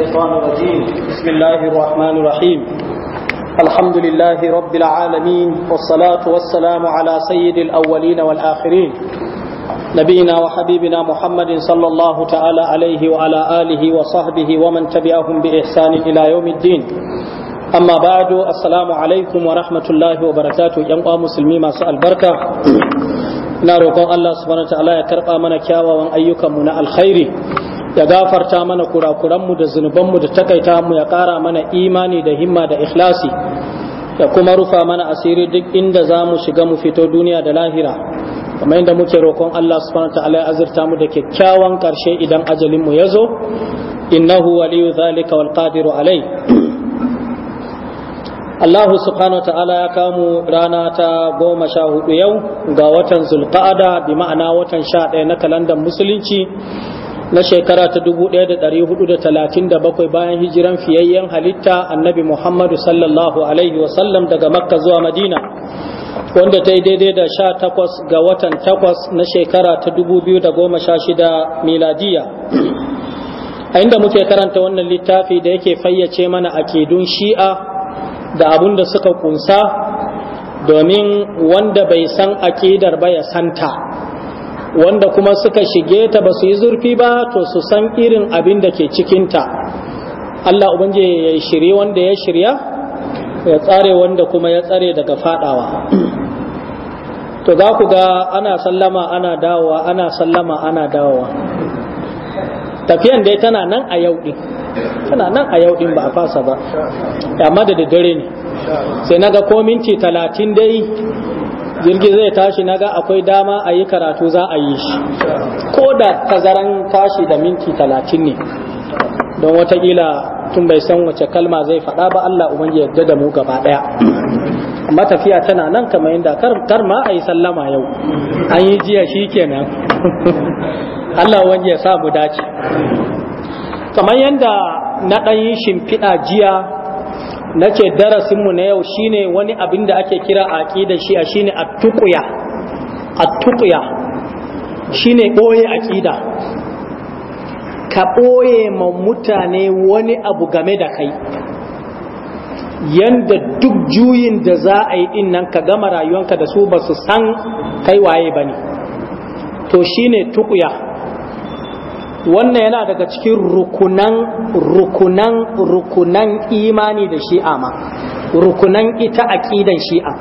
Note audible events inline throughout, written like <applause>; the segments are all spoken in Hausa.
الشيطان الرجيم بسم الله الرحمن الرحيم الحمد لله رب العالمين والصلاة والسلام على سيد الأولين والآخرين نبينا وحبيبنا محمد صلى الله تعالى عليه وعلى آله وصحبه ومن تبعهم بإحسان إلى يوم الدين أما بعد السلام عليكم ورحمة الله وبركاته ينقى مسلمي ما سأل بركة na roƙon Allah subhanahu wa ta'ala ya karɓa mana kyawawan ayyukanmu na alkhairi ya gafarta mana kurakuranmu da zunubanmu da takaita mu ya kara mana imani da himma da ikhlasi ya kuma rufa mana asiri duk inda za mu shiga mu fito duniya da lahira kamar yadda muke roƙon Allah subhanahu wa ta'ala ya azurta mu da kyakkyawan karshe idan ajalin mu ya zo innahu waliyu zalika wal qadiru alai Allah subhanahu wa ta'ala ya kamu rana ta goma sha hudu yau ga watan zulqa'ada bi ma'ana watan sha ɗaya na kalandar musulunci na shekara ta 1437 bayan hijiran fiyayyen halitta annabi Muhammadu sallallahu Alaihi wasallam daga Makka zuwa Madina, wanda ta yi daidai da sha takwas ga watan takwas na shekara ta 2016 miladiya. A inda muke karanta wannan littafi da yake fayyace mana akidun shi'a da abun da suka kunsa domin wanda bai san akidar ba ya santa. wanda kuma suka shige ta ba su yi zurfi ba to su san irin abin da ke cikinta Allah ubangiji ya shirye wanda ya shirya ya tsare wanda kuma ya tsare daga fadawa to za ku ga ana sallama ana dawowa ana sallama ana dawowa tafiyan dai tana nan a yau din tana nan a yau din ba a fasa ba amma da dare ne sai naga ko minti talatin dai jirgi zai tashi naga akwai dama a yi karatu za a yi shi ko da tazaran tashi da minti talatin ne don watakila tun bai san wace kalma zai faɗa ba Allah umar yadda da mu gaba ɗaya Matafiya tana nan kamar yadda kar ma a yi sallama yau an yi jiya shi kenan <laughs> Allah umar ya sa mu dace kamar yadda na ɗan shimfiɗa jiya Nace darasin darasinmu na yau shine wani abin da ake kira aƙida shi a shine attuƙuya attuƙuya shine ɓoye aƙida ka ɓoye ma mutane wani abu game da kai yanda duk juyin da za a yi din nan ka gama rayuwanka da su ba su san kai waye ba ne to shine tuƙuya wannan yana daga cikin rukunan rukunan rukunan imani da shi'a ma rukunan ita aqidan shi'a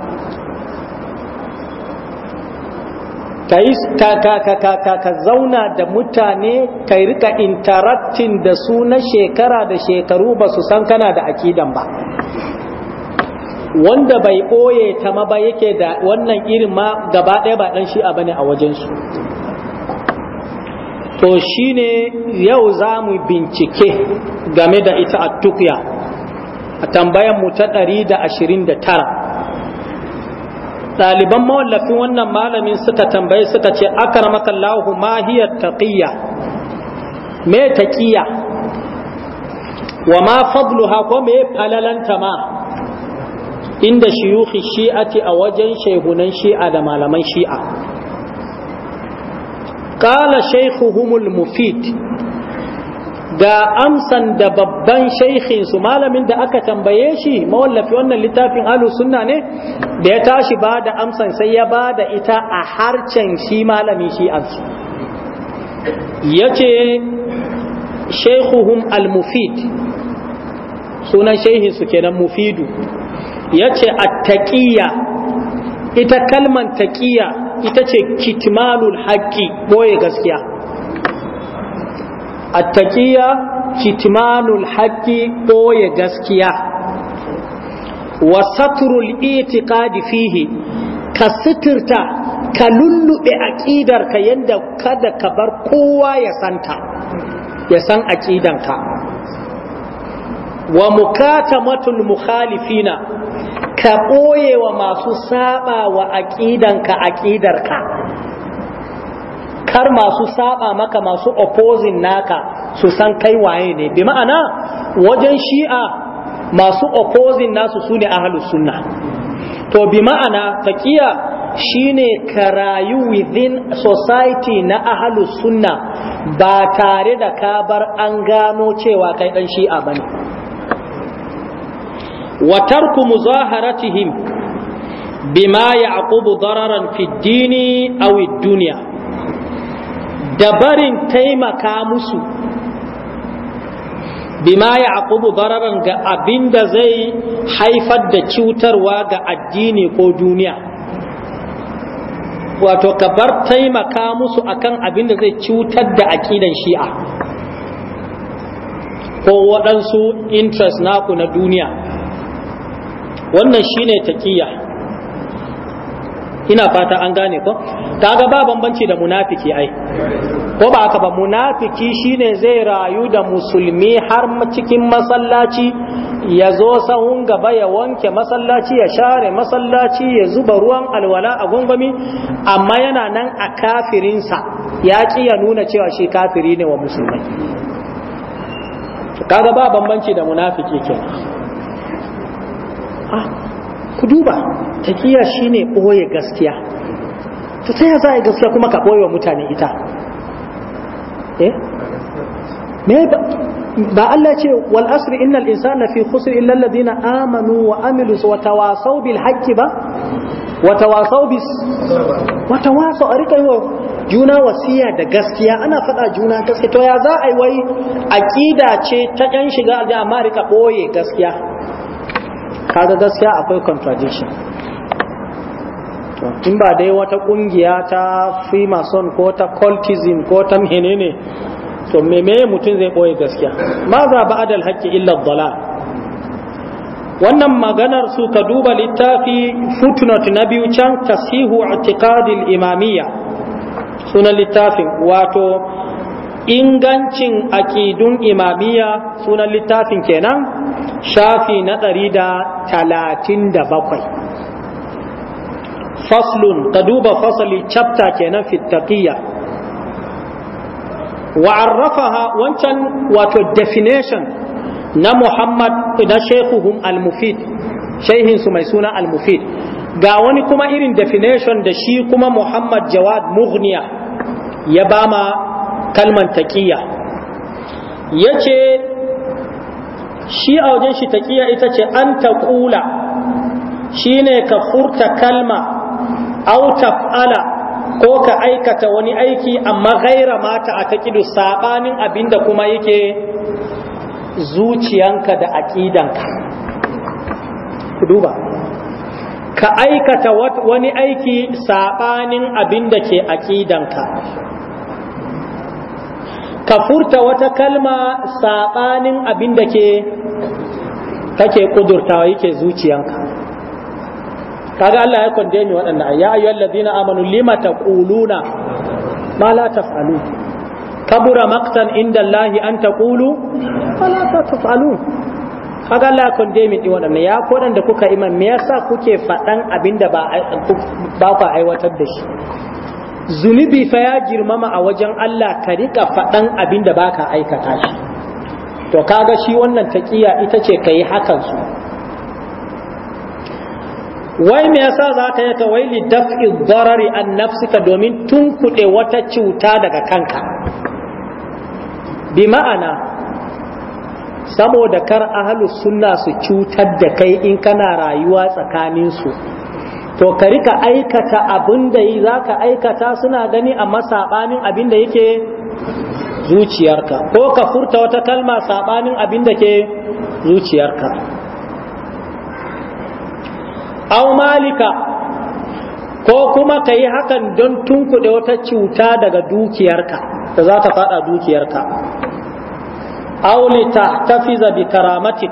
ka ka-ka-ka-ka zauna da mutane kai rika interacting da su na shekara da shekaru ba su san kana da akidan ba wanda bai ɓoye ta ma ba yake da wannan irin ma gaba ɗaya ba ɗan shi'a bane a wajen su. to shine yau za mu bincike game da ita a tukya a tambayan mu ta 129 ɗaliban mawallafin wannan malamin suka tambaye suka ce akramaka Allahu lahu mahiyar taqiyya me taqiyya wa ma fadluha ko me falalanta ma inda shiyukhi shi'ati a wajen shehunan shi'a da malaman shi'a ƙala shaikhuhumul mufid ga amsan da babban shaikhinsu malamin da aka tambaye shi mawallafi wannan littafin alu sunna ne da ya tashi ba da amsan sai ya ba da ita a harcen shi malami shi ansu ya ce shaikhuhum al-mufid sunan su kenan mufidu ya ce a taƙiya ita kalman taƙiya ita ce kitmanul haƙƙi boye gaskiya attaqiya kitmanul haƙƙi boye gaskiya wa satrul fihi ka suturta ka lullube ka yadda kada ka bar kowa ya santa ya san aqidanka wa mukatamatul mukhalifina ka ɓoye wa masu saba wa aƙidanka aƙidarka kar masu saba maka masu opposing naka su san kai waye ne bi ma'ana wajen shi'a masu opposing nasu su ne ahalus sunna to bi ma'ana taqiya shine ka rayu within society na ahalus sunna ba tare da ka bar an gano cewa kai dan shi'a bane wa tarku muzaharatihim bima ya'qubu dararan fid dini aw ad-dunya da barin taimaka musu bima ya'qubu dararan ga abinda zai haifar da cutarwa ga addini ko duniya wato ka bar taimaka musu akan abinda zai cutar da aƙidan shi'a ko waɗansu interest naku na duniya wannan shine taqiyya ina fata an gane ko kaga ba bambanci da munafiki ai ko ba haka ba munafiki shine zai rayu da musulmi har cikin masallaci ya zo sahun gaba ya wanke masallaci ya share masallaci ya zuba ruwan alwala a gungumi amma yana nan a kafirinsa ya ki ya nuna cewa shi kafiri ne wa musulmai kaga ba bambanci da munafiki kenan ku duba takiya shine ɓoye gaskiya to ya za a gaskiya kuma ka ɓoye wa mutane ita eh ba Allah ce wal asri innal insana fi khusr illa alladhina amanu wa amilu wa tawasaw bil haqqi ba wa tawasaw bis wa tawasaw a yo wa juna wasiya da gaskiya ana faɗa juna gaskiya to ya za a yi wai aqida ce ta kan shiga aljanna rika boye gaskiya kaga gaskiya akwai contradiction in ba dai wata kungiya ta freemason ko ta cultism ko ta menene to meme mutum zai boye gaskiya maza za ba adal haƙƙi illar dala wannan maganar su ka duba littafi footnote na biyu can tasihu i'tiqadil imamiyya sunan littafin wato ingancin aƙidun imamiyya sunan littafin kenan shafi na ɗari da talatin da bakwai faslun ka duba fasali chapter kenan fittaƙiyya wa'arrafaha wancan wato definition na muhammad na shekuhun al-mufid shehinsu mai suna al-mufid ga wani kuma irin definition da shi kuma muhammad jawad mughniya ya bama kalman taƙiya ya shi a wajen shi ita ce an taƙula ƙula shi ka furta kalma autaf'ala ko ka aikata wani aiki amma gaira mata a taƙidu saɓanin abinda kuma yake zuciyanka da aƙidanka duba ka aikata wani aiki saɓanin abinda ke aƙidanka ka furta wata kalma saɓanin abin da ke kake ƙudurtawa yake zuciyanka kaga Allah ya ni waɗannan ya ayyuhal ladina amanu lima taquluna ma la taf'alun kabura maqtan inda Allah an taqulu ma la taf'alun kaga Allah ya mi din waɗannan ya ko da kuka iman me yasa kuke faɗan abinda ba ba ku aiwatar da shi zunubi fa ya girmama a wajen Allah ka rika faɗan abin da baka aikata shi to kaga shi wannan taqiya ita ce ka hakan su wai me yasa za ka yi ta wai daf'i darari an nafsika domin tunkuɗe wata cuta daga kanka bi ma'ana saboda kar ahlus sunna su cutar da kai in kana rayuwa tsakaninsu su to ka rika aikata abin da yi za ka aikata suna gani amma saɓanin abin da yake zuciyarka ko ka furta wata kalma saɓanin abin da ke zuciyarka au malika ko kuma ka yi hakan don tunkuɗe wata cuta daga dukiyarka da za ta faɗa dukiyarka Aulita ta tahtafiza zabi karamatik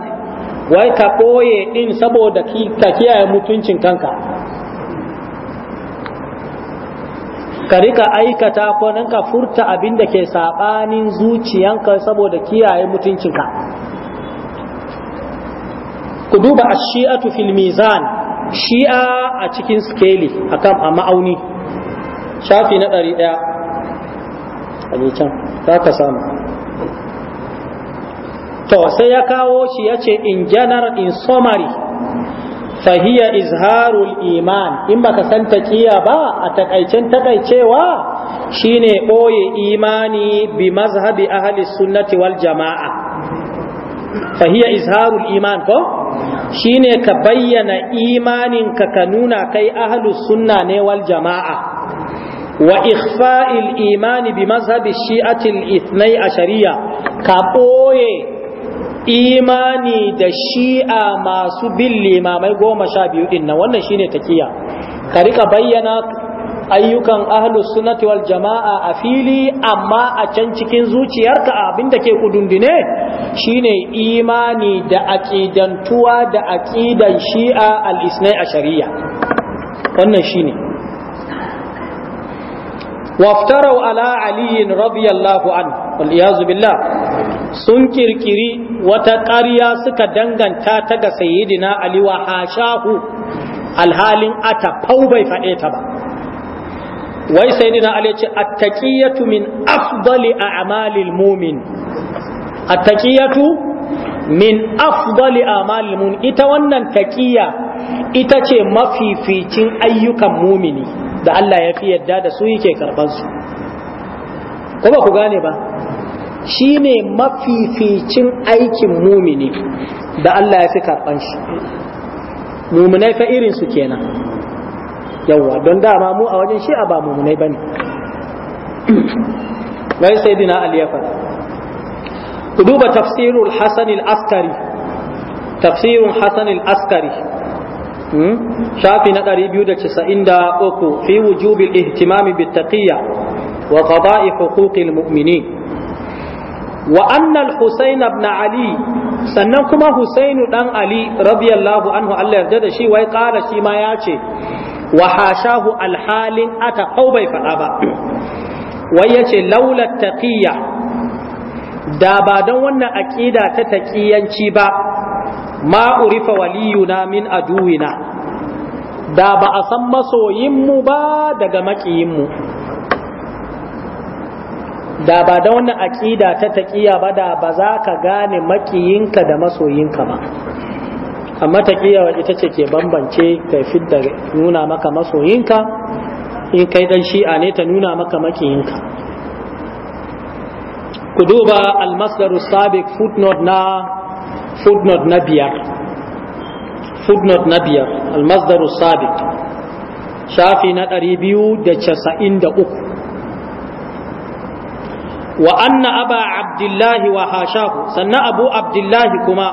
wai ka ɓoye ɗin saboda ka kiyaye mutuncin kanka ka rika aikata ko nan ka furta abin da ke saɓanin zuciyanka saboda kiyaye mutuncinka ku duba a shi'atu fil mizan shi'a a cikin a akan a ma'auni shafi na ɗari ɗaya a can ka samu to sai ya kawo shi ya ce in general in summary fahiya izharul iman in baka san taqiya ba a takaicen takaicewa shine boye imani bi mazhabi ahli sunnati wal jamaa fahiya izharul iman ko shine ka bayyana imanin ka ka nuna kai ahli sunna ne wal jamaa wa ikhfa'il imani bi mazhabi shi'ati al ithnai ashariya ka boye imani da shi'a masu bin limamai goma sha biyu din nan wannan shine takiya ka rika bayyana ayyukan ahlus sunnati wal jama'a a fili amma a can cikin zuciyarka abin da ke kudundune shine imani da aqidantuwa da aqidan shi'a al-isnai ashariya wannan shine waftarau ala aliyin radiyallahu an waliyazu billah sun kirkiri wata ƙarya suka danganta ta ga sayyidina ali wa hashahu alhalin ata fau bai faɗe ta ba wai sayyidina ali ce attaqiyatu min afdali a'malil mu'min attaqiyatu min afdali a'malil mu'min ita wannan taqiya ita ce mafificin ayyukan mumini da Allah ya fi yadda da su yake karban su ko ba ku gane ba ne mafificin aikin mumini da Allah ya fi karban shi muminai fa irin su kenan yawwa don dama mu a wajen shi a ba muminai bane <clears throat> wai sai dina Ali ku duba tafsirul Hassan al-Askari tafsirun Hassan al-Askari Hmm? shafi na 293 fi wujubil ihtimami bittaqiyya wa qada'i huquqil mu'minin wa anna al-husayn ibn ali sannan kuma husainu dan ali radiyallahu anhu Allah yarda da shi wai ƙara shi ma ya ce wa hashahu alhalin ata ko bai faɗa ba wai ya ce laula taqiyya da ba don wannan aƙida ta taƙiyanci ba ma urifa waliyuna min aduwina da ba a san masoyinmu ba daga maƙiyinmu da ba da wannan aƙida ta taƙiya ba da ba za ka gane maƙiyinka da masoyinka ba amma taƙiya ita ce ke bambance ka fidda nuna maka masoyinka in kai dan shi'a ne ta nuna maka maƙiyinka ku duba almasdaru sabiq footnote na footnote na biyar footnote na biyar almasdaru sabiq shafi na uku wa anna aba abdullahi wa hashahu sannan abu abdullahi kuma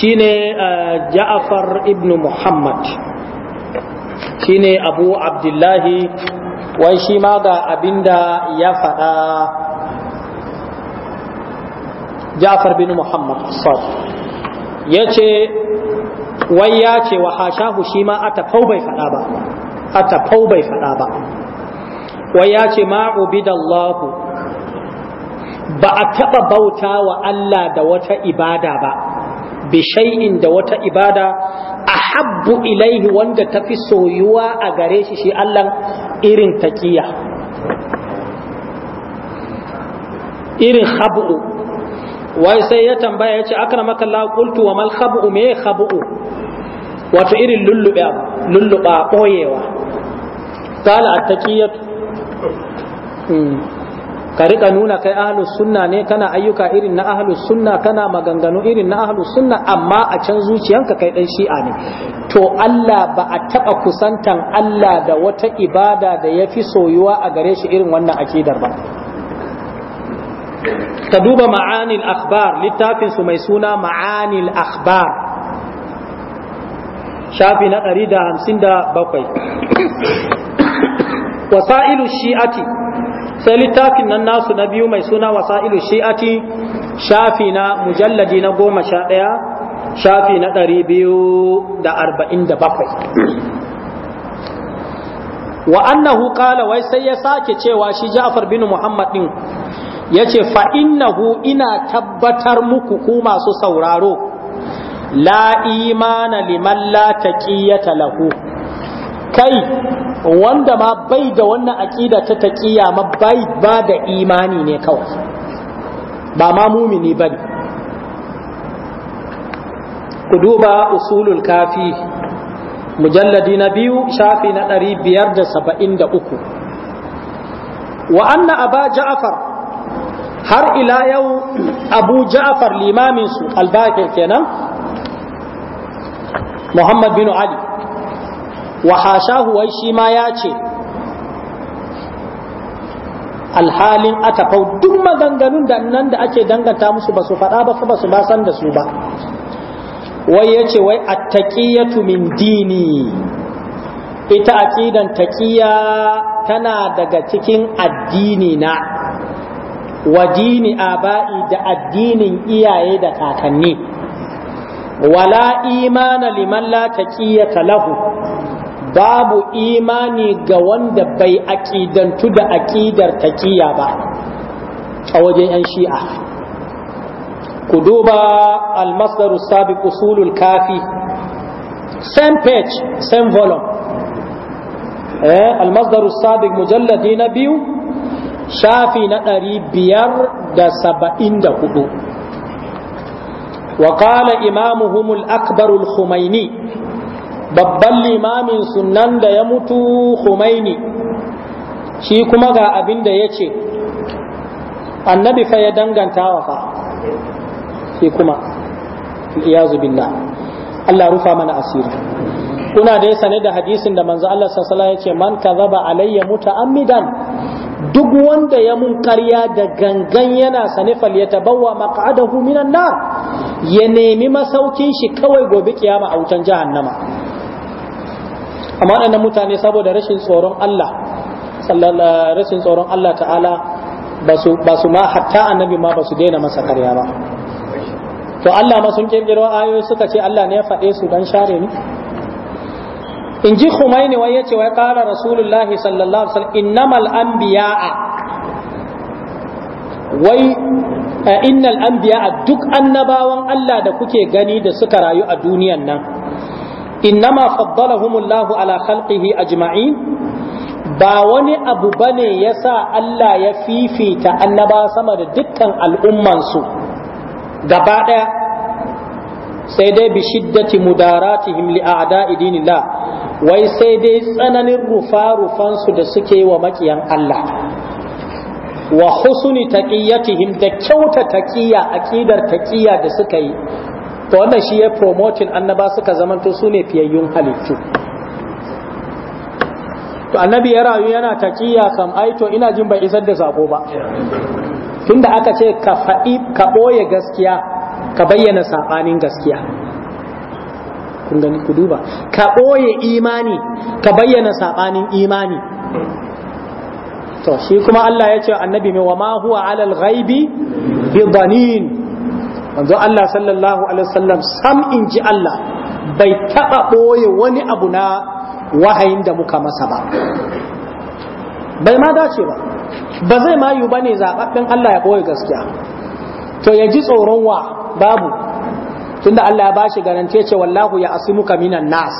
shine eh, ja'far ibn muhammad shine abu abdullahi wai shi ma ga abinda ya faɗa ja'far bin muhammad sad ya ce wai ya ce wa hashahu shi ma a tafau bai faɗa ba a tafau bai faɗa ba wai ya ce ma'ubidallahu ba a taɓa bauta wa Allah da wata ibada ba bi shay'in da wata ibada a habbu ilaihi wanda ta fi soyuwa a gare shi shi Allah irin taqiya irin khabu wai sai ya tambaya ya ce akramaka maka qultu wa mal khabu me khabu wato irin lulluba lulluba boyewa qala attaqiyat hmm, ka rika nuna kai ahlus sunna ne kana ayyuka irin na ahlus sunna kana maganganu irin na ahlus sunna amma a can zuciyanka kai ɗan shi'a ne to Allah ba a taɓa kusantan Allah da wata ibada da yafi soyuwa a gare shi irin wannan akidar ba ka duba ma'anil akhbar littafin su mai suna ma'anil akhbar shafi na 157 wasailu shi'ati sai littafin nan nasu na biyu mai suna wasailu shi'ati shafi na mujalladi na goma sha ɗaya shafi na ɗari biyu da arba'in da bakwai wa annahu qala wai sai ya sake cewa shi Ja'far bin Muhammad din ya ce fa'innahu ina tabbatar muku ku masu sauraro la imana liman la taƙiyata lahu kai wanda ma bai da wannan aƙida ta taƙiya ma bai ba da imani ne kawai ba ma mumini ba ne ku duba usulul kafi mujalladi na biyu shafi na ɗari biyar da saba'in da uku wa anna aba ja'afar har ila yau abu ja'far limamin su kenan muhammad bin ali wa hashahu wai shi ma ya ce alhalin atafau duk maganganun da nan da ake danganta musu ba su faɗa ba ba su ba da su ba wai yace wai attaqiyatu min dini ita aqidan taqiya tana daga cikin addini na wa dini aba'i da addinin iyaye da kakanni wala imana liman la taqiyata lahu babu imani ga wanda bai aqidantu da aqidar taqiya ba a wajen yan shi'a ku duba al sabiq usulul kafi same page same volume eh al sabiq mujalladi na biyu shafi na ɗari biyar da saba'in da hudu wa ƙala imamuhumul akbarul khumaini babban limamin sunan da ya mutu khumaini shi kuma ga abin da ya ce annabi fa ya danganta wa fa shi kuma iyazu billah Allah rufa mana asiri kuna dai sane da hadisin da manzo Allah sallallahu alaihi wasallam ya ce man kazaba alayya muta'ammidan duk wanda ya mun karya da gangan yana fal ya tabawa maq'adahu minan nar ya nemi masaukin shi kawai gobe kiyama a wutan jahannama amma waɗannan mutane saboda rashin tsoron Allah rashin tsoron Allah ta'ala ba su ma hatta annabi ma ba su daina masa karya ba to Allah ma sun kirkiro ayoyi suka ce Allah ne ya faɗe su dan share ni in ji Khumaini wai yace wai kara Rasulullahi sallallahu alaihi wasallam innamal anbiya'a wai eh, innal anbiya'a duk annabawan Allah da kuke gani da suka rayu a duniyan nan innama faddalahumullahu ala khalqihi ajma'in ba wani abu bane yasa Allah ya fifita annaba sama da dukkan al'ummansu gaba daya sai dai bi shiddati mudaratihim li a'da'i dinillah wai sai dai tsananin rufa rufansu da suke wa makiyan Allah wa husuni taqiyatihim da kyauta taqiya aqidar taqiya da suka yi to wannan shi ya promoting annaba suka zamanto su ne fiyayyun halittu to annabi ya rayu yana taqiya kam ai to ina jin bai isar da sako ba tunda aka ce ka faɗi ka ɓoye gaskiya ka bayyana saɓanin gaskiya kun gani ku duba ka ɓoye imani ka bayyana saɓanin imani to shi kuma Allah ya ce annabi mai wa ma huwa alal ghaibi bi dhanin manzo Allah sallallahu alaihi wasallam sam in ji Allah bai taɓa ɓoye wani abu na wahayin da muka masa ba bai ma dace ba ba zai ma yi ba ne zaɓaɓɓen Allah ya ɓoye gaskiya to ya ji tsoron wa babu tunda Allah ya bashi garance ce wallahu ya asimuka minan nas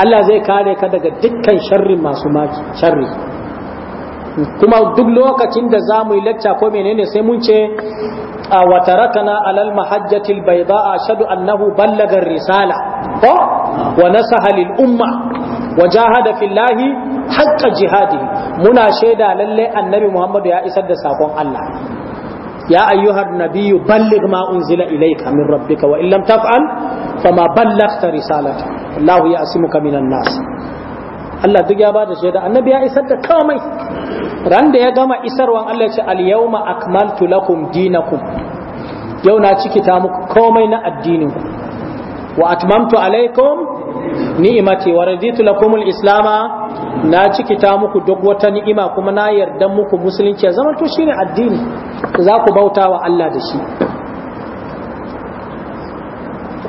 Allah zai kare ka daga dukkan sharrin masu maki sharri kuma duk lokacin da za mu yi lacca ko menene sai mun ce a watarakana alal mahajjatil bayda ashadu annahu ballaga risala ko wa nasaha lil umma wa da fillahi haqqa jihadi muna shaida lalle annabi Muhammadu ya isar da sakon Allah ya ayyuhar Nabiyu. balligh ma unzila ilayka min rabbika wa illam taf'al fama ballaghta risalata Allahu ya asimuka minan nas Allah duk ya bada shaida annabi ya isar da komai ran da ya gama isarwan Allah ya ce al yawma akmaltu lakum dinakum yau na cikita muku komai na addinin ku wa atmamtu alaikum ni'imati wa raditu lakum al-islama na cikita muku duk wata ni'ima kuma na yarda muku musulunci ya zama to shine addini za ku bauta wa Allah da shi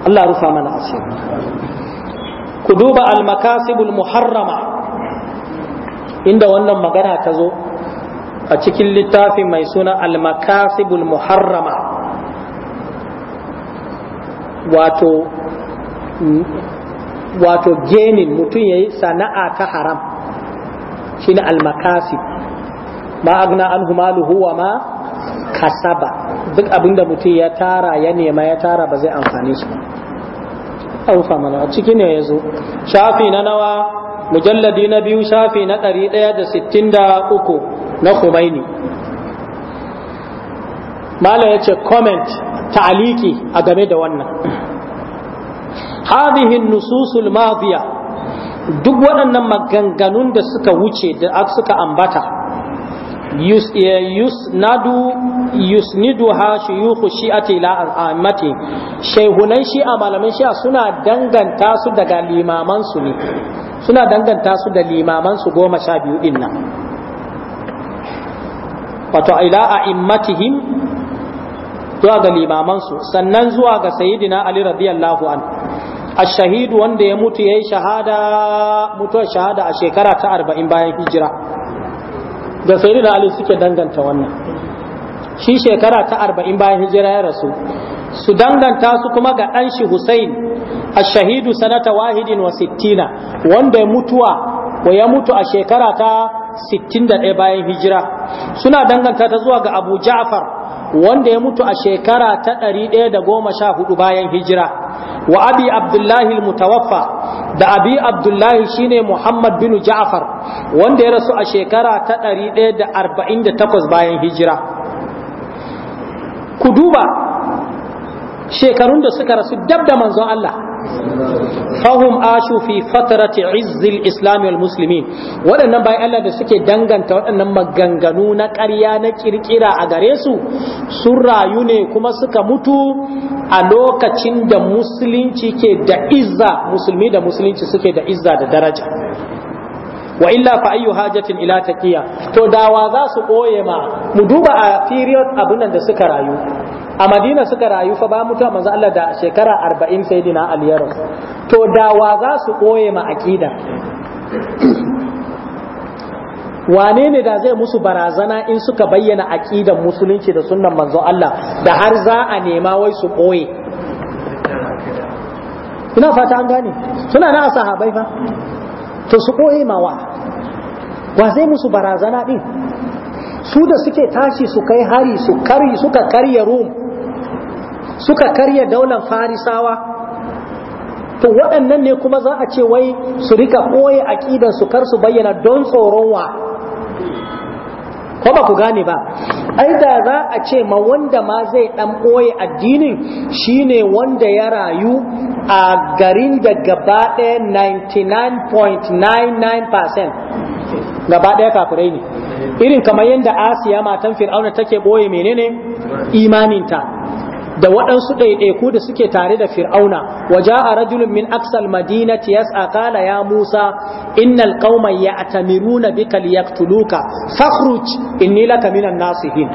Allah rufa mana asiri ku duba almakasibul muharrama inda wannan magana ta zo a cikin littafi mai suna almakasibul muharrama wato wato genin mutum ya yi sana'a ta haram shi ne almakasib ma'agna agna an humaluhu wa ma kasaba duk abin da mutum ya tara ya nema ya tara ba zai amfani su an fama na ciki ne ya zo shafi na nawa mujalladi na biyu shafi na ɗari ɗaya da sittin da uku na ne? malam ya ce comment ta'aliki a game da wannan hadihin nususul madiya duk waɗannan maganganun da suka wuce da suka ambata yusnadu eh, yusnidu ha shuyukhu shi'ati ila al'amati shi a malamin shi'a suna danganta su daga limaman su ne suna danganta su da limaman su goma sha biyu din nan wato ila a'immatihim zuwa ga limaman su sannan zuwa ga sayyidina ali radiyallahu an ash-shahid wanda ya mutu ده shahada يهي shahada a shekara ta 40 bayan hijira da sai da ali suke danganta wannan shi shekara ta arba'in bayan hijira ya rasu su danganta su kuma ga ɗan shi Hussein shahidu sanata wahidin wa sittina wanda ya mutuwa wa ya mutu a shekara ta sittin 61 bayan hijira suna danganta ta zuwa ga Abu Ja'far wanda ya mutu a shekara ta ɗari ɗaya da goma sha 114 bayan hijira wa Abi Abdullahi al-Mutawaffa da abi abdullahi shine muhammad bin ja'far wanda ya rasu a shekara ta 148 bayan hijira ku duba shekarun da suka rasu dab da manzon Allah fahum ashu fi fatarati izzil islami wal muslimin waɗannan bayan Allah da suke danganta waɗannan maganganu na ƙarya na kirkira a gare su sun rayu ne kuma suka mutu a lokacin da musulunci ke da izza musulmi da musulunci suke da izza da daraja wa illa fa ayyu hajatin ila taqiya to dawa za su koye ma mu duba a period abin da suka rayu a madina suka rayu fa ba mutuwa manzo Allah da shekara arba'in sai dina aliyarun to wa za su ɓoye ma aƙida wane ne da zai musu barazana in suka bayyana aƙidan musulunci da sunnan manzo Allah da har za a nema wai su ɓoye ina fata an gane suna na sahabai fa to su ɓoye ma wa wa zai musu barazana ɗin su da suke tashi su kai hari su kari suka karya rum suka karya daular farisawa to waɗannan ne kuma za a ce wai su rika ɓoye su kar su bayyana don tsoron wa ko ba ku gane ba ai za a ce ma wanda ma zai ɗan ɓoye addinin shine wanda ya rayu a garin da gaba ɗaya 99.99% gaba ɗaya kafirai ne irin kamar yadda asiya matan fir'auna take ɓoye menene imaninta da waɗansu ɗaiɗaiku da suke tare da fir'auna waje a rajulun min aksal madina tiyas a kala ya musa innal qauma ya atamiruna bika liyaktuluka fakhruj inni laka minan nasihin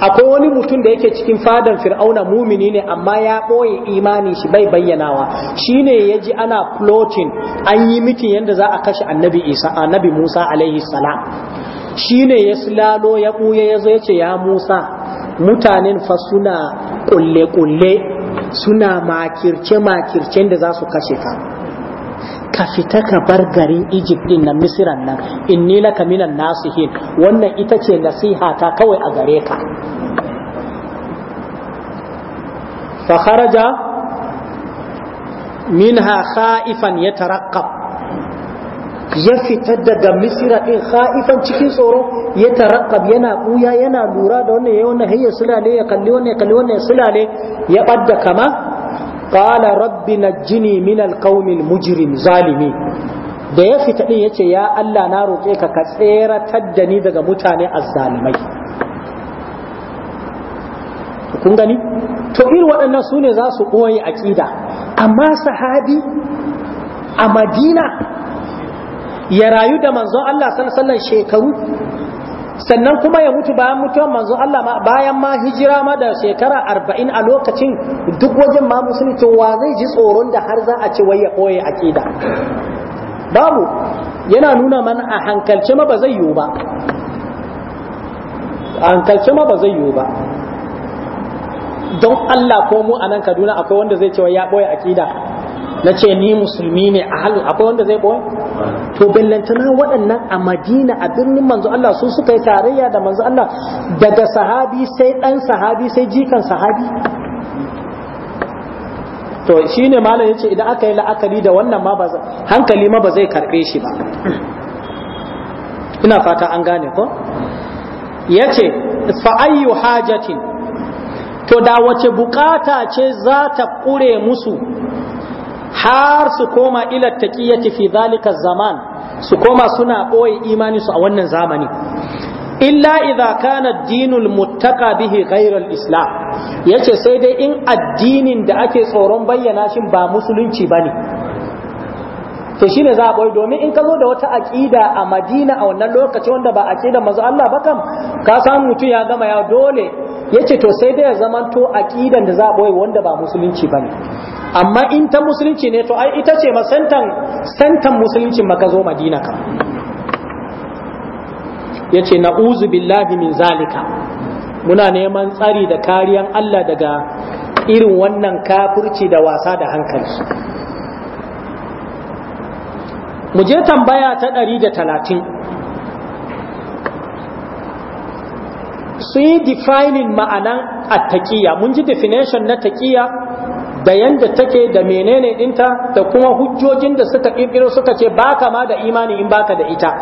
akwai wani mutum da yake cikin fadan fir'auna mumini ne amma ya ɓoye imani shi bai bayyanawa shine ya ji ana flotin an yi mitin yadda za a kashe annabi annabi musa alaihi salam Shi ne ya silalo ya buye ya zo yace ya Musa mutanen fa suna ƙulle kulle suna makirce makircen da za su kashe ka ka fita ka bar garin Egypt din na Misiran nan in nila laka minan nasihin wannan ita ce nasiha ta kawai a gare ka fa kharaja minha ya yataraqqab ya fita daga misira ɗin ha'ifan cikin tsoro ya tarakab yana ɓuya yana lura da wannan ya wannan hayya sulale ya kalli wannan ya kalli wannan ya sulale ya ɓadda kama qala rabbi jini min alqawmil mujirin zalimi da ya fita ɗin yace ya Allah na roƙe ka ka tseratar da ni daga mutane azzalimai kun gani to irin waɗannan su ne za su ɓoye aƙida amma sahabi a madina ya rayu da manzon Allah sallallahu shekaru sannan kuma ya mutu bayan mutuwar manzon Allah ma bayan ma hijira ma da shekara arba'in a lokacin duk wajen ma musulmi to wa zai ji tsoron da har za a ce wai ya koye akida babu yana nuna mana a hankalce ma ba zai yiwu ba a hankalce ma ba zai yiwu ba don Allah ko mu a nan Kaduna akwai wanda zai ce wai ya boye akida na ce ni musulmi ne a halin akwai wanda zai boye to bellantana waɗannan a madina a birnin manzo Allah su suka yi tarayya da manzo Allah daga sahabi sai ɗan sahabi sai jikan sahabi to shi shine malam ce idan aka yi la'akari da wannan ma ba hankali ma ba zai karɓe shi ba ina fata an gane ko Ya ce ayyu hajatin to da wace bukata ce za ta kure musu har su koma ila taqiyati fi zalika zaman su koma suna boye imani su a wannan zamani illa idza kana dinul muttaqa bihi ghairal islam yace sai dai in addinin da ake tsoron bayyana shin ba musulunci bane to shine za a boye domin in ka zo da wata aqida a Madina a wannan lokaci wanda ba aqida manzo Allah ba kam ka samu mutum ya gama ya dole yace to sai dai ya zamanto aqidan da za a boye wanda ba musulunci bane amma in ta musulunci ne to ai ita ce masantan santan musulunci maka zo madina ka ya ce na'uzu billahi min zalika muna neman tsari da kariyan Allah daga irin wannan kafurci da wasa da hankali mu je tambaya ta ɗari da talatin yi defining ma'anan attaƙiya mun ji definition na taƙiya da yanda take da menene dinta da kuma hujjojin da suka kirkiro suka ce baka ma da imani in baka da ita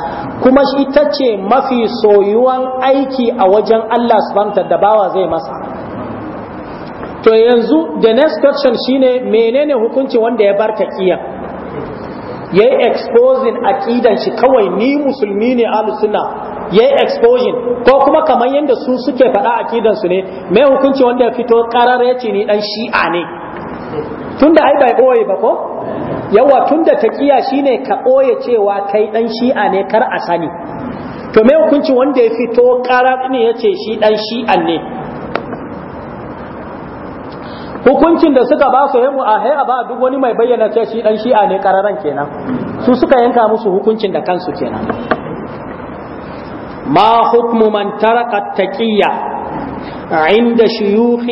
kuma shi ita ce mafi soyuwan aiki a wajen Allah subhanahu da bawa zai masa to yanzu the next question shine menene hukunci wanda ya bar kiya yayi exposing aqidan shi kawai ni musulmi ne ahlus sunna ya yi exposing ko kuma kamar yadda su suke faɗa a su ne mai hukunci wanda ya fito ƙarar ya ce ni dan shi'a ne tunda ai bai boye ba ko yawa tunda shi shine ka boye cewa kai dan shi'a ne kar a sani to me hukunci wanda ya fito ƙara ne ce shi dan shi'a ne hukuncin da suka ba su himu a hai ba duk wani mai bayyana ce shi dan shi'a ne kararan kenan su suka yanka musu hukuncin da kansu kenan ma hukmu man taraka taqiyya عند شيوخ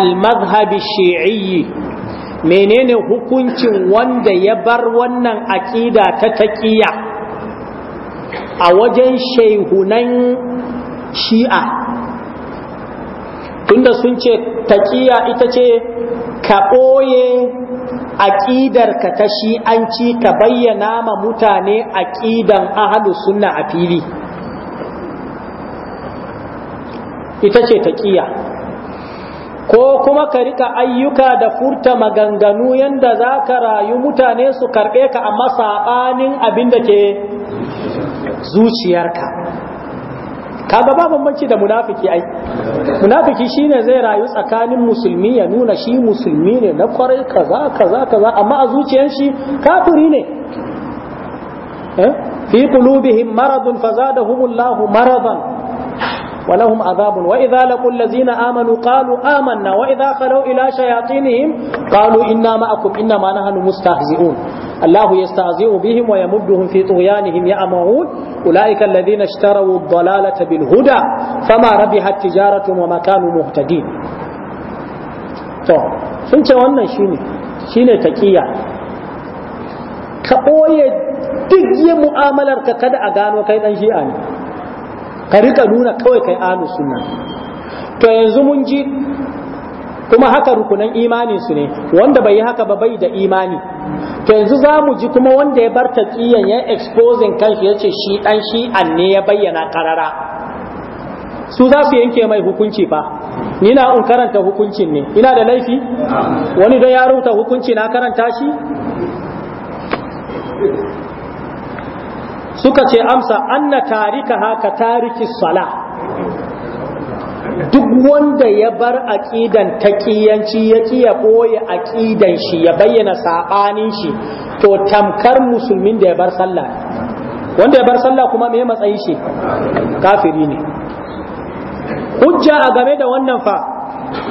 المذهب الشيعي menene hukuncin wanda ya bar wannan aƙida ta taƙiya a wajen shaihunan shi'a tunda sun ce taƙiya ita ce ka ɓoye aƙidarka ta shi'anci ka bayyana ma mutane aƙidan ahalu sunna a fili ita ce taƙiya ko kuma ka rika ayyuka da furta maganganu yanda za ka rayu mutane su karɓe ka amma saɓanin abin da ke zuciyarka Ka ba bambanci da munafiki ai munafiki shine zai rayu tsakanin musulmi ya nuna shi musulmi ne na kwarai kaza kaza kaza amma a zuciyar shi kafiri ne eh fi qulubihim maradun fazadahumullahu maradan ولهم عذاب وإذا لقوا الذين آمنوا قالوا آمنا وإذا خلوا إلى شياطينهم قالوا إنا معكم إنما نحن مستهزئون الله يستهزئ بهم ويمدهم في طغيانهم يعمهون أولئك الذين اشتروا الضلالة بالهدى فما ربحت تجارتهم وما كانوا مهتدين to sun شيني شيني تكيا كأوية taqiya مؤاملة boye duk كيدا ka ka rika nuna kawai kai ahlus sunna to yanzu mun ji kuma haka rukunan imanin su ne wanda bai yi haka ba bai da imani to yanzu za mu ji kuma wanda ya bar taqiyan ya exposing kanshi yace shi dan shi anne ya bayyana karara su za su yanke mai hukunci fa ni na un karanta hukuncin ne ina da laifi wani don ya rubuta hukunci na karanta shi suka ce amsa anna tarika haka tariki sala duk wanda ya bar ta taqiyanci ya ya boye aqidan shi ya bayyana sabanin shi to tamkar musulmin da ya bar sallah wanda ya bar sallah kuma me matsayi shi kafiri ne hujja a game da wannan fa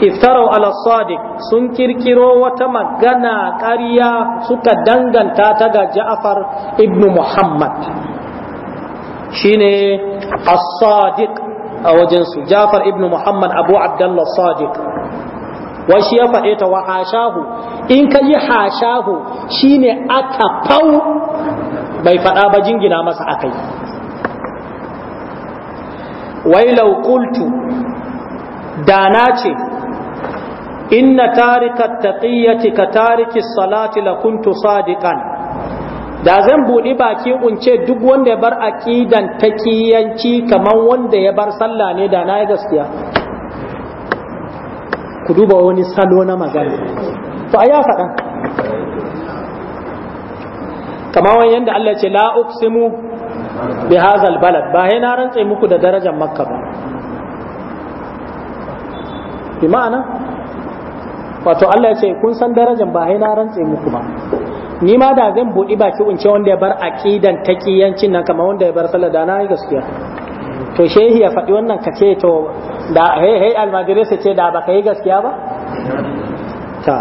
iftarau ala sadiq sun kirkiro wata magana ƙarya suka danganta ta ga ja'far ibnu muhammad shine as-sadiq a wajen su Jafar ibn Muhammad Abu Abdullah Sadiq wai shi ya faɗe ta wa hashahu in ka yi hashahu shine aka fau bai faɗa ba jingina masa akai wai law qultu da na ce inna tarika taqiyati ka tariki salati lakuntu sadiqan da zan buɗi baki ce duk wanda ya bar aƙidan kiyanci kamar wanda ya bar sallah ne da na yi gaskiya ku duba wani salo na magana to a ya faɗa kamar wani yadda Allah ce la uqsimu bi hazal balad ba na rantse muku da darajar makka ba bi ma'ana wato Allah ya ce kun san darajar ba na rantse muku ba ni ma da zan buɗi baki unce wanda ya bar aqidan taqiyancin nan kamar wanda ya bar sallah da na yi gaskiya to shehi ya faɗi wannan ka ce to da hey hey ce da baka yi gaskiya ba ta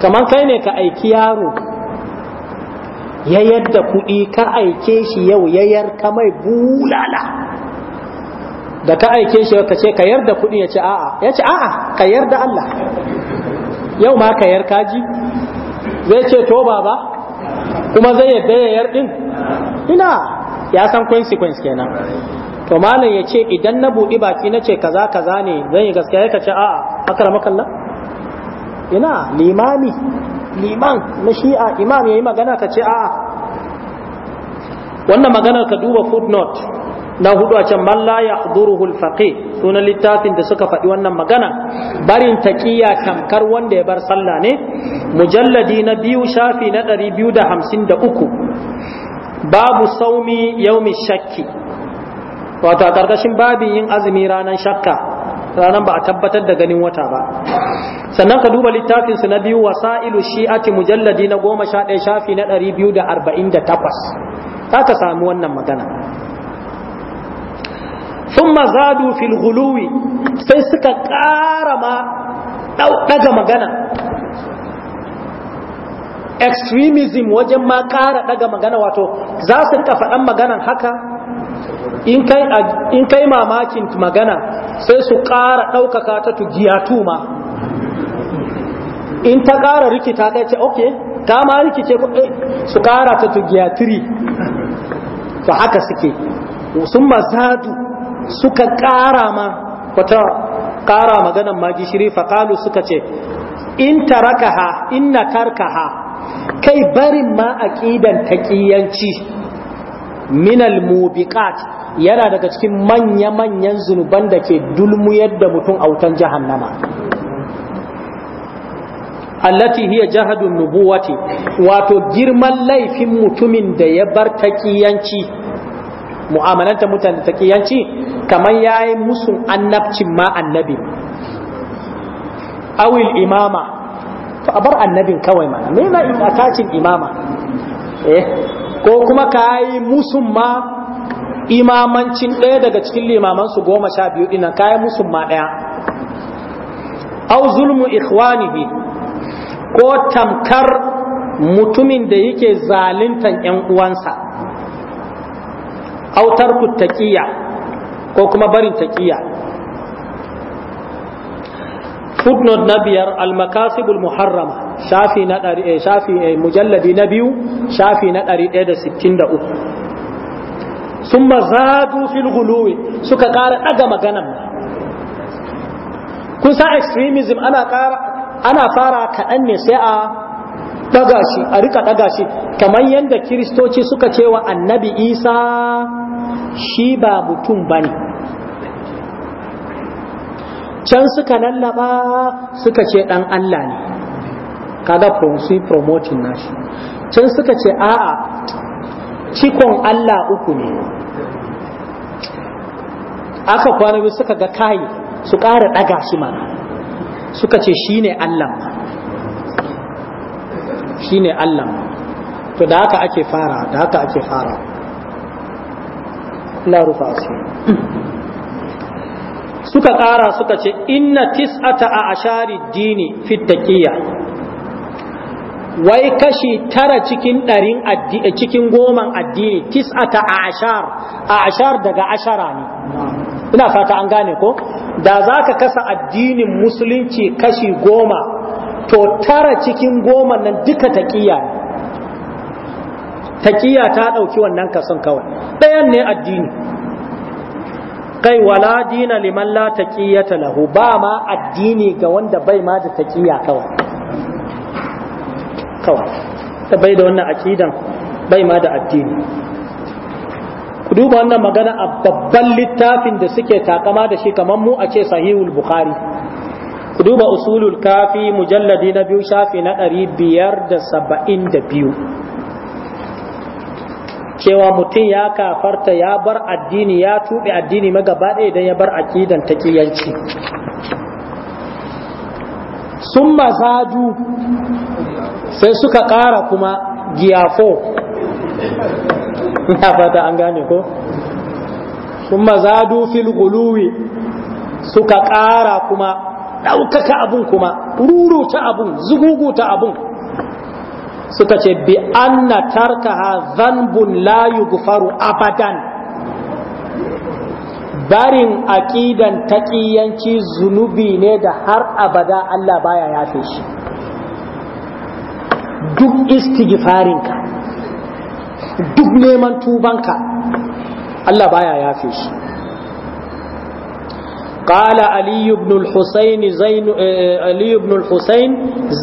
kamar kai ne ka aiki yaro ya yadda kuɗi ka aike shi yau yayar ka mai bulala da ka aike shi ka ce ka yarda kuɗi ya ce a'a ya ce a'a ka yarda Allah yau ma ka yar kaji zai ce to baba kuma zai yadda ya yar din ina ya san consequence kenan to malam ya ce idan na buɗi baki na ce kaza kaza ne zan yi gaskiya ya ce a'a akara makalla ina limami liman na shi'a imam ya yi magana ka ce a'a wannan maganar ka duba footnote na hudu a can man la ya'dhuruhu al sunan littafin da suka faɗi wannan magana barin taqiya tamkar wanda ya bar sallah ne mujalladi na biyu shafi na 253 babu saumi yaumi shakki wato a karkashin babin yin azumi ranar shakka ranar ba a tabbatar da ganin wata ba sannan ka duba littafinsu na biyu wasa'ilu shi'ati mujalladi na goma sha shafi na ɗari biyu da arba'in da takwas za ka sami wannan magana sun mazadu fil guluwi sai suka kara ma daga magana extremism wajen ma kara daga magana wato za su rika faɗan maganan haka in kai mamakin magana sai su kara ɗaukaka ta tugiyatu ma in ta ƙara rikita kai ce okay ta ma rikice eh, su kara ta tugiya tiri to haka suke sun mazadu suka ƙara ma wata ƙara maganan ma gishiri faƙalu suka ce in tarakaha inna karkaha, kai barin ma a ƙidan taƙiyanci minal mubiƙat yana daga cikin manya-manyan zunuban da ke dulmuyar da mutum a wutan jahannama allati hiya jahadun nubuwati wato girman laifin mutumin da ya bar taƙiyanci mu'amalanta mutane taƙiyanci kamar ya yi musun annabcin ma annabi awil imama to a bar annabin kawai mana mena in attachin imama eh ko kuma ka yi musun ma imamancin ɗaya daga cikin limamansu goma sha biyu ɗinan ka yi musun ma ɗaya au zulmu ikhwanihi ko tamkar mutumin da yake zalintan 'yan uwansa autar kuttaƙiya ko kuma barin taqiya footnote na biyar almakasibul muharrama shafi na ɗari eh, shafi eh, mujalladi na biyu shafi na ɗari ɗaya da sittin da uku sun mazadu fil guluwi suka ƙara ɗaga maganan Kunsa sa extremism ana ƙara ana fara kaɗan ne sai a ɗaga shi a riƙa ɗaga shi kamar yadda kiristoci suka ce wa annabi isa shi ba mutum ba ne can suka lallaba suka ce dan Allah ne kaga su promoting nashi can suka ce a'a cikon Allah uku ne aka kwana biyu suka ga kai su ƙara ɗaga shi ma suka ce shi ne Allah shi ne Allah to da haka ake fara da haka ake fara Allah rufa asiri suka ƙara suka ce inna tis'ata a ashari dini fitakiya wai kashi tara cikin ɗarin eh, cikin goman addini tis'ata a ashar a ashar daga ashara ne ina fata an gane ko da za ka kasa addinin musulunci kashi goma to tara cikin goma nan duka taƙiya ta ɗauki wannan kasan kawai ɗayan ne addini kai wala dina liman la taqiyata lahu ba ma addini ga wanda bai ma da taqiya kawai kawai ta bai da wannan aqidan bai ma da addini ku duba wannan magana a babban littafin da suke takama da shi kamar mu a ce sahihul bukhari ku duba usulul kafi mujalladi na biyu shafi na ɗari biyar da saba'in da biyu cewa mutum ya kafarta ya bar addini ya tuɓe addini magaba ɗaya idan ya bar aƙidan ƙiyanci sun mazaju sai suka ƙara kuma giyafo <laughs> na fata an gane ko sun mazadu fil guluwi suka ƙara kuma ɗaukaka abun kuma ruruta abun zuguguta abun suka ce bi anna tarkaha dhanbun la yughfaru abadan barin aƙidan taƙiyanci zunubi ne da har abada Allah baya fi shi duk istighfarinka duk neman tubanka Allah baya yafe shi قال علي بن الحسين زين علي بن الحسين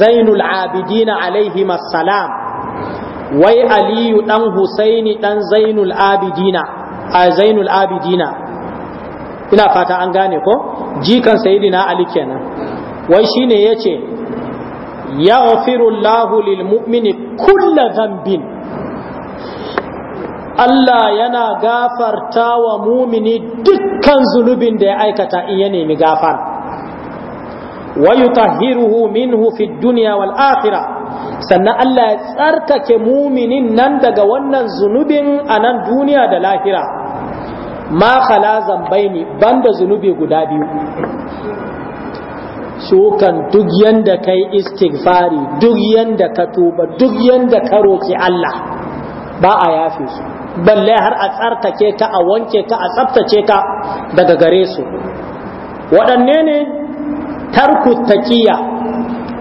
زين العابدين عليهما السلام وي علي دان حسين دان زين العابدين زين العابدين ina fata an gane ko jikan sayyidina ali kenan wai shine yace yaghfiru Allahu lil mu'mini kullu dhanbin Allah yana gafarta wa mumini dukkan zunubin da ya aikata in ya nemi gafar wayu yutahhiruhu minhu fid dunya wal akhira sannan Allah ya tsarkake muminin nan daga wannan zunubin a nan duniya da lahira ma khala ne banda zunubi guda biyu Shukan duk yanda yi istighfari duk yanda ka tuba duk yanda ka roki Allah ba a yafe su balle har a tsarkake ka a wanke ka a tsaftace ka daga gare su waɗanne ne tarku taqiya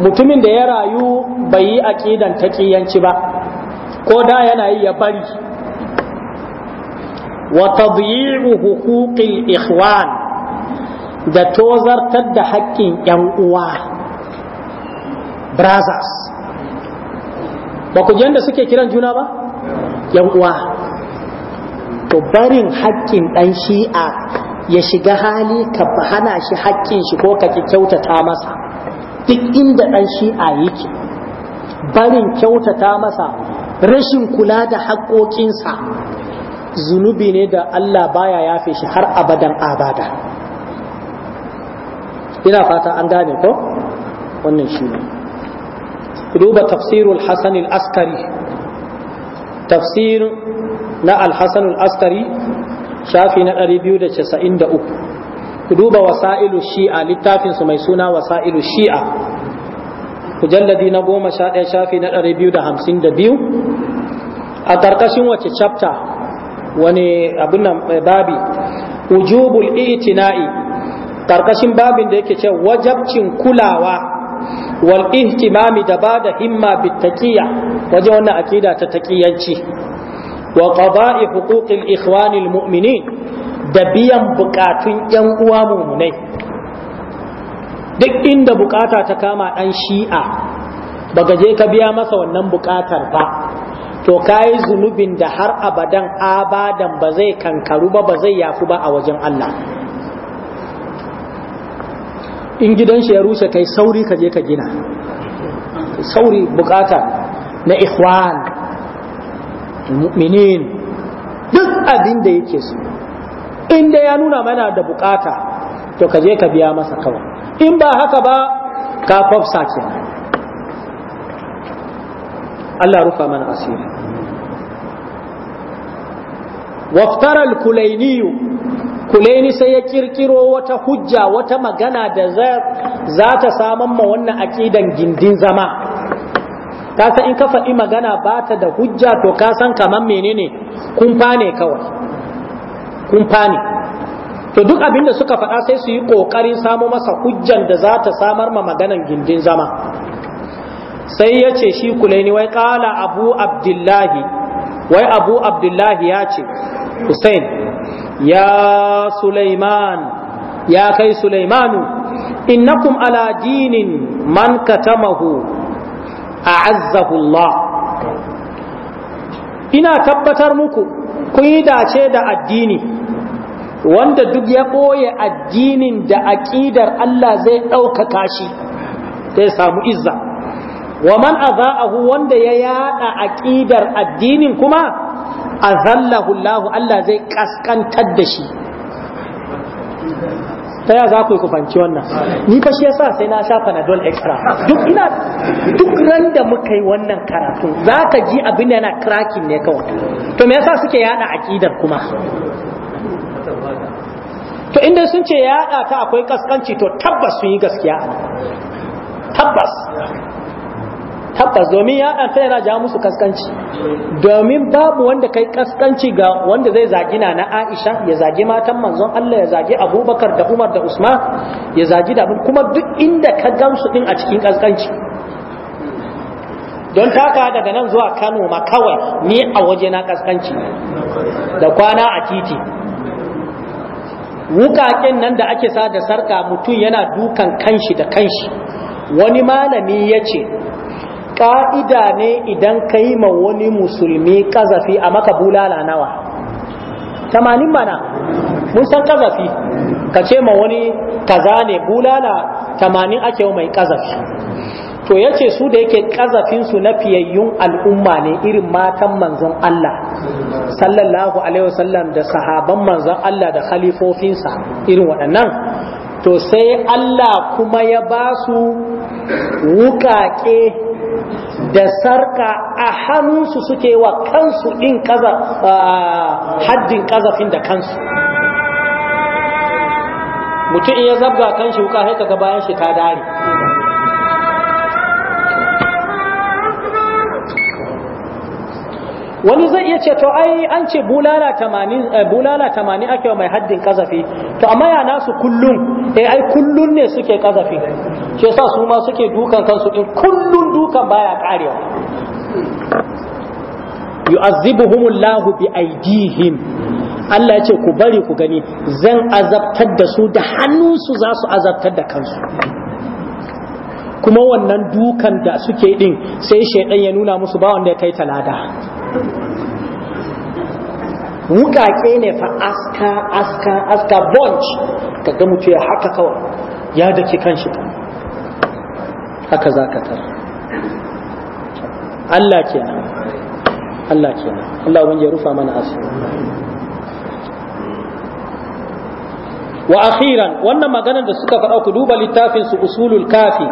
mutumin da ya rayu bai yi aqidan taqiyanci ba ko da yana yi ya bari wa tadyi'u huquqil ikhwan da tozartar da haƙƙin ƴan uwa brothers ba ku ji yadda suke kiran juna ba yan uwa to barin haƙƙin ɗan shi'a ya shiga hali ka hana shi haƙƙin shi ko ka kyautata masa duk inda ɗan shi'a yake barin kyautata masa rashin kula da haƙƙoƙinsa zunubi ne da Allah baya yafe shi har abadan abada ina fata an gane ko wannan shi ne duba tafsirul hasan al-askari tafsirin na alhassan al'askari shafi na 293 ku duba wasa'ilu shi'a littafinsu mai suna wasa'ilu shi'a ku jalladi na goma sha ɗaya shafi na ɗari biyu da hamsin da biyu a ƙarƙashin wace chapter wani abin eh, babi wujubul itina'i ƙarƙashin babin da yake ce wajabcin kulawa wal ihtimami da ba da himma bittaqiya wajen wannan akida ta taqiyanci wa qada'i huquqil ikhwanil mu'minin da biyan bukatun yan uwa mu'minai duk inda bukata ta kama dan shi'a baka je ka biya masa wannan bukatar ba to kayi zunubin da har abadan abadan ba zai kankaru ba ba zai yafu ba a wajen Allah in gidan shi ya rushe kai sauri ka je ka gina sauri bukata na ikhwan mu'minin duk abin da yake so in da ya nuna mana da bukata to ka je ka biya masa kawai in ba haka ba ka fafsa ke Allah rufa mana asiri waftaral kulainiyu kulaini sai ya kirkiro wata hujja wata magana da za ta saman ma wannan aƙidan gindin zama kasa in ka faɗi magana ba ta da hujja to kasan san kamar menene kumfa ne kawai kumfa ne to duk abinda suka faɗa sai su yi ƙoƙarin samo masa hujjan da za ta samar ma maganan gindin zama sai ya ce shi kulaini wai ƙala abu abdullahi wai abu abdullahi ya ce hussein ya suleiman ya kai suleimanu innakum ala dinin man katamahu a'azzahullah ina tabbatar muku kun yi dace da addini wanda duk ya ɓoye addinin da aƙidar Allah zai ɗaukaka shi zai samu izza wa man aza'ahu wanda ya yada aƙidar addinin kuma azallahu Allah Allah zai kaskantar da shi ta ya za ku yi kufanci wannan ni fa shi yasa sai na sha panadol extra duk ina duk ran da muka yi wannan karatu za ka ji abin da yana cracking ne kawai to me yasa suke yada akidar kuma to inda sun ce yada ta akwai kaskanci to tabbas sun yi gaskiya tabbas tabbas domin ya ɗanta yana ja musu kaskanci domin babu wanda kai kaskanci ga wanda zai zagi na na Aisha ya zagi matan manzon Allah ya zagi Abubakar da Umar da Usman ya zagi da kuma duk inda ka gamsu ɗin a cikin kaskanci don taka daga nan zuwa Kano ma kawai ni a waje na kaskanci da kwana a titi Wuƙaƙen nan da ake sa da sarka mutum yana dukan kanshi da kanshi wani malami ya ce ƙa'ida ne idan ka yi ma wani musulmi ƙazafi a maka bulala nawa tamanin mana mun san ƙazafi ka ce ma wani kaza ne bulala tamanin ake mai ƙazafi to ya ce su da yake ƙazafinsu na fiyayyun al'umma ne irin matan manzon Allah sallallahu alaihi wasallam da sahaban manzon Allah da khalifofinsa irin waɗannan to sai Allah kuma ya ba su wuƙaƙe da sarka a hannunsu suke wa kansu ɗin haddin ƙazafin da kansu mutum in ya zabga kan shi wuka haika ga bayan shi ta dare wani zai iya ce to ai an ce bulala tamanin eh, bulala 80 ake mai haddin kazafi to amma ya nasu kullun eh ai kullun ne suke kazafi ke sa su ma suke dukan kansu din kullun dukan baya karewa yu'azzibuhumullahu bi aidihim Allah ya ce ku bari ku gani zan azabtar da su da hannunsu za su azabtar da kansu kuma wannan dukan da suke din sai shaidan ya nuna musu ba wanda ya kai talada wukake ne fa aska aska aska bunch ka ga mutu ya haka kawai ya dake kanshi haka za ka tara Allah kenan Allah kenan Allah wani ya rufa mana asu wa akhiran wannan maganar da suka faɗa ku duba littafin su usulul kafi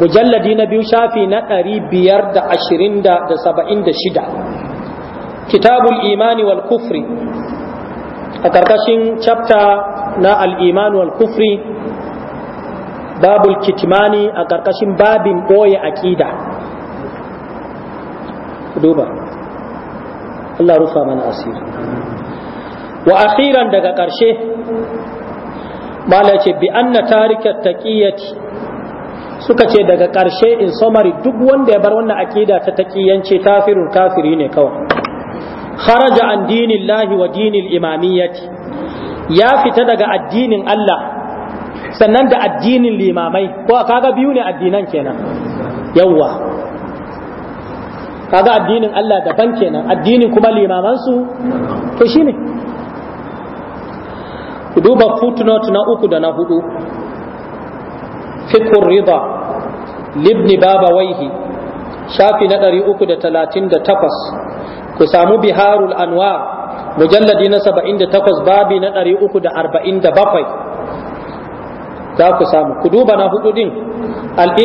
mujalladi na biyu shafi na ɗari biyar da ashirin da saba'in da shida kitabul imani wal kufri a karkashin chapter na al-iman wal kufri babul kitimani a karkashin babin boye aqida duba Allah rufa mana asiri wa akhiran daga karshe mala ce bi anna tarikat taqiyati suka ce daga ƙarshe in somari duk wanda ya bar wannan aƙida ta taƙiyance kafirun kafiri ne kawai kharaja an dinillahi wa dinil imamiyyati ya fita daga addinin Allah sannan da addinin limamai ko kaga biyu ne addinan kenan yawwa kaga addinin Allah daban kenan addinin kuma limamansu to shine ku duba footnote na uku da na hudu fikur rida libni baba waihi shafi na 338 ku samu biharul anwar mujalladi na saba'in da takwas babi na ɗari uku da da arba'in bakwai, za ku samu ku duba na hudu din al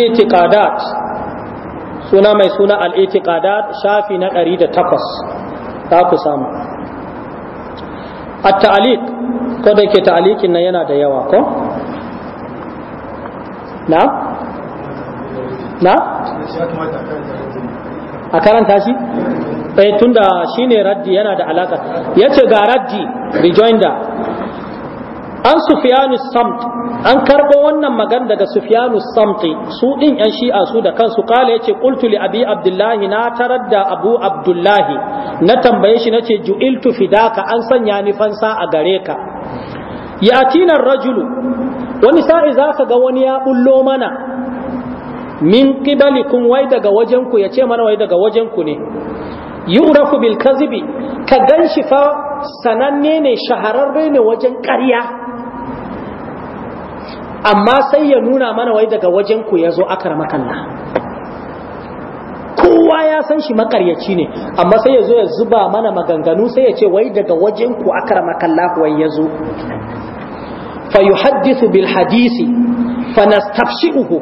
suna mai suna al shafi na ɗari da takwas, za ku samu at-ta'liq ko da ke ta'liqin nan yana da yawa ko na na a karanta shi sai eh, tunda shine raddi yana da alaka yace ga raddi rejoinder an sufyanu samt an karbo wannan magana daga sufyanu samti su din yan shi'a su da kansu kala yace qultu li abi abdullahi na taradda abu abdullahi na tambaye shi nace ju'iltu fidaka an sanya ni fansa a gare ka yatina rajulu wani sa'i zaka ga wani ya bullo mana min qibalikum wai daga wajenku yace mana wai daga wajenku ne yurafu bil kazibi ka ganshi fa sananne ne shahararre ne wajen ƙarya amma sai ya nuna mana wai daga wajen ku yazo akar makalla kowa ya san shi makaryaci ne amma sai ya zo ya zuba mana maganganu sai ya ce wai daga wajen ku akar makalla wai yazo fa yuhaddithu bil hadisi fa uku,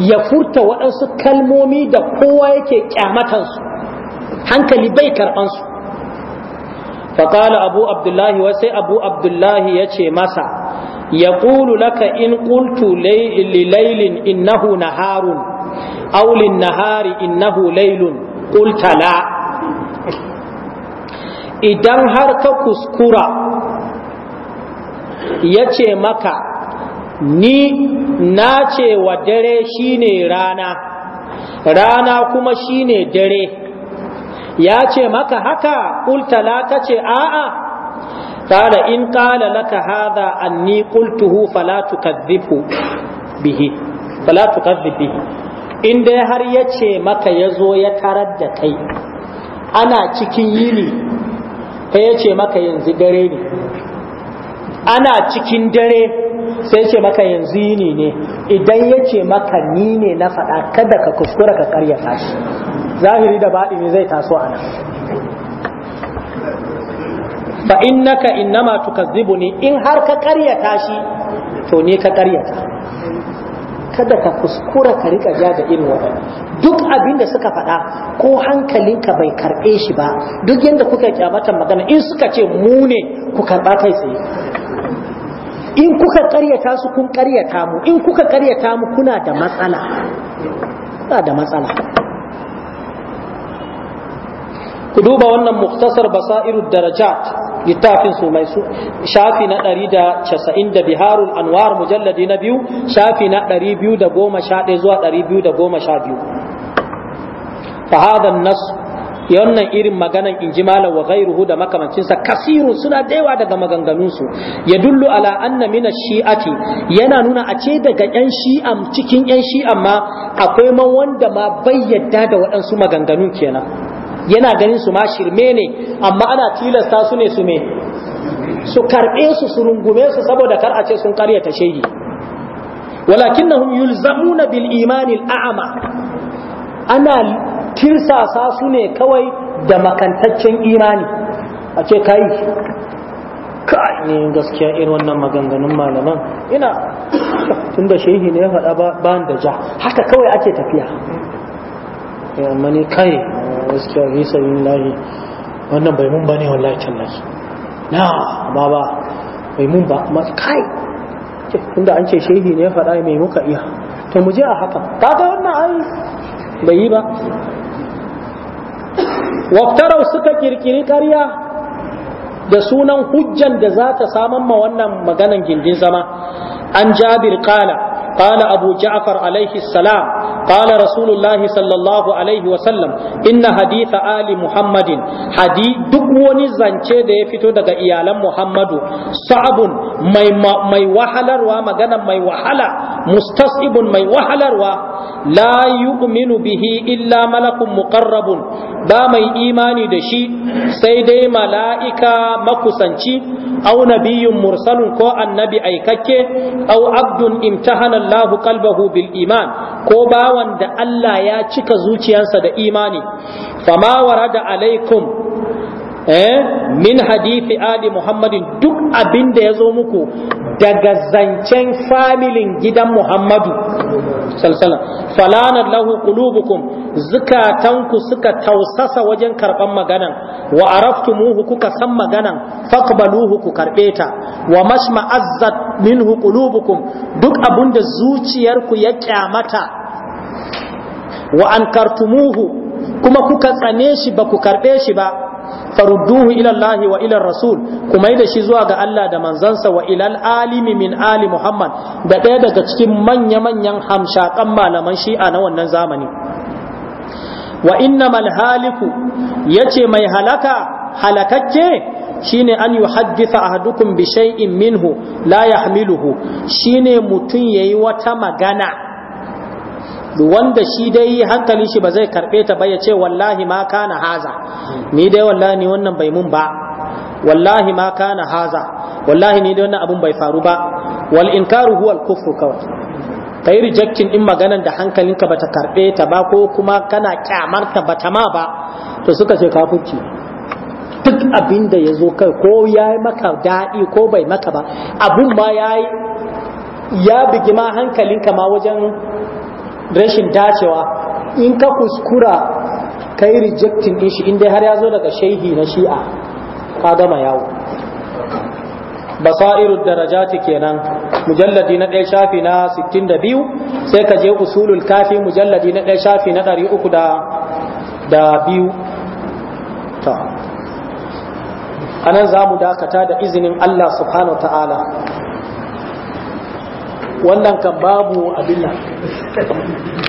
ya furta waɗansu kalmomi da kowa yake kyamatansu hankali bai karɓan su faƙala abu abdullahi wasai abu abdullahi ya ce masa ya ƙulu laka in ƙultu lilailin innahu naharun aulin nahari innahu lailun ƙultala idan har ka kuskura ya ce maka ni na ce wa dare shine rana rana kuma shine dare ya ce maka haka ƙulta la ce a'a ƙala in ƙala laka hadha anni qultuhu fala tukadhibu bihi fala in dai har ya ce maka ya zo ya tarar da kai ana cikin yini ta ya ce maka yanzu dare ne ana cikin dare sai ce maka yanzu yini ne idan ya ce maka ni ne na faɗa kada ka kuskura ka karya tashi zahiri da baɗi ne zai taso a nan fa innaka ka tukazzibu ni in har ka karya tashi to ne ka ta kada ka kuskura ka rika ja da irin waɗanda duk abin da suka faɗa ko hankalinka bai karɓe shi ba duk yadda kuka kyamata magana in suka ce mu ne ku karɓa kai tsaye in kuka karyata su kun karyata mu in kuka karyata mu kuna da matsala kuna da matsala ku duba wannan muktasar basairu darajat littafin su mai su shafi na 190 da biharul anwar mujalladi na biyu shafi na 211 zuwa 212 fa hadha an-nas Yannan irin maganan in ji malam wa ghairuhu da makamancinsa kasirun suna da daga maganganunsu ya dullu ala anna min shi'ati yana nuna a ce daga yan shi'an cikin yan shi'an ma akwai man wanda ma bayyada da waɗansu maganganun kenan yana ganin su ma shirme ne amma ana tilasta su ne su me su karɓe su su rungume su saboda kar a ce sun karyata shehi walakinnahum yulzamuna bil imani al'ama ana kirsasa su ne kawai da makantaccen imani a ce kai kai ne gaskiya irin wannan maganganun malaman ina tun da shehi ne ya faɗa ba da ja haka kawai ake tafiya ya eh, mani kai gaskiya nisa yin lahi. wannan bai mun ba ne wallahi tallahi na ba ba bai mun ba kai tunda an ce shehi ne ya faɗa mai muka iya to mu je a haka kaga wannan ai bai yi ba waftarau suka kirkiri ƙarya da sunan hujjan da za ta saman ma wannan maganan gindin zama an jabir kala قال أبو جعفر عليه السلام قال رسول الله صلى الله عليه وسلم إن حديث آل محمد حديث دقوني زنچه ده يفتو دقا إيالا محمد صعب مي, مي وحلر وما غنى مي وحلا mustasibun mai wahalarwa la yu'minu bihi illa malakun ƙarrabun ba mai imani da shi sai dai mala'ika makusanci au nabiyyun mursalun ko annabi aikakke au Abdul imtahana Allahu qalbahu bil iman ko bawan da Allah ya cika zuciyarsa da imani fama warada alaikum Eh? min hadithi ali muhammadin duk abin da ya zo muku daga zancen familin gidan muhammadu sallallahu falanar lahu qulubukum zukatanku suka tausasa wajen karban maganan wa muhu kuka san maganan faqbaluhu ku karbe ta wa azzat minhu kulubukum, duk abin da zuciyarku ya kyamata wa ankartumuhu kuma kuka tsane shi ba ku karbe shi ba farudduhu ila Allah wa ila Rasul kuma da shi zuwa ga Allah da manzansa wa ilal alimi min ali Muhammad da ɗaya daga cikin manya-manyan hamshakan malaman shi'a na wannan zamani wa mal haliku yace mai halaka halakakke shine an yuhaddisa ahadukum bi shay'in minhu la yahmiluhu shine mutun yayi wata magana wanda shi dai hankali shi ba zai karɓe ta ba ya ce wallahi ma kana haza ni dai wallahi ni wannan bai mun ba wallahi ma kana haza wallahi ni dai wannan abun bai faru ba wal inkaru huwa al kufru kawai kai rejecting din maganar da hankalinka bata karɓe ta ba ko kuma kana kyamar ta bata ma ba to suka ce kafirci duk abin da ya zo kai ko ya maka daɗi ko bai maka ba abun ma ya ya bigi ma hankalinka ma wajen rashin dacewa in ka kuskura ka yi rejectin din shi inda har ya zo daga shaihi na shi'a ka gama yawo basairu darajati kenan mujalladi na ɗaya shafi na 62 sai ka je usulul kafi mujalladi na ɗaya shafi na 300 da biyu ta anan za mu dakata da izinin Allah subhanahu ta'ala wannan kan babu abin nan どうぞ。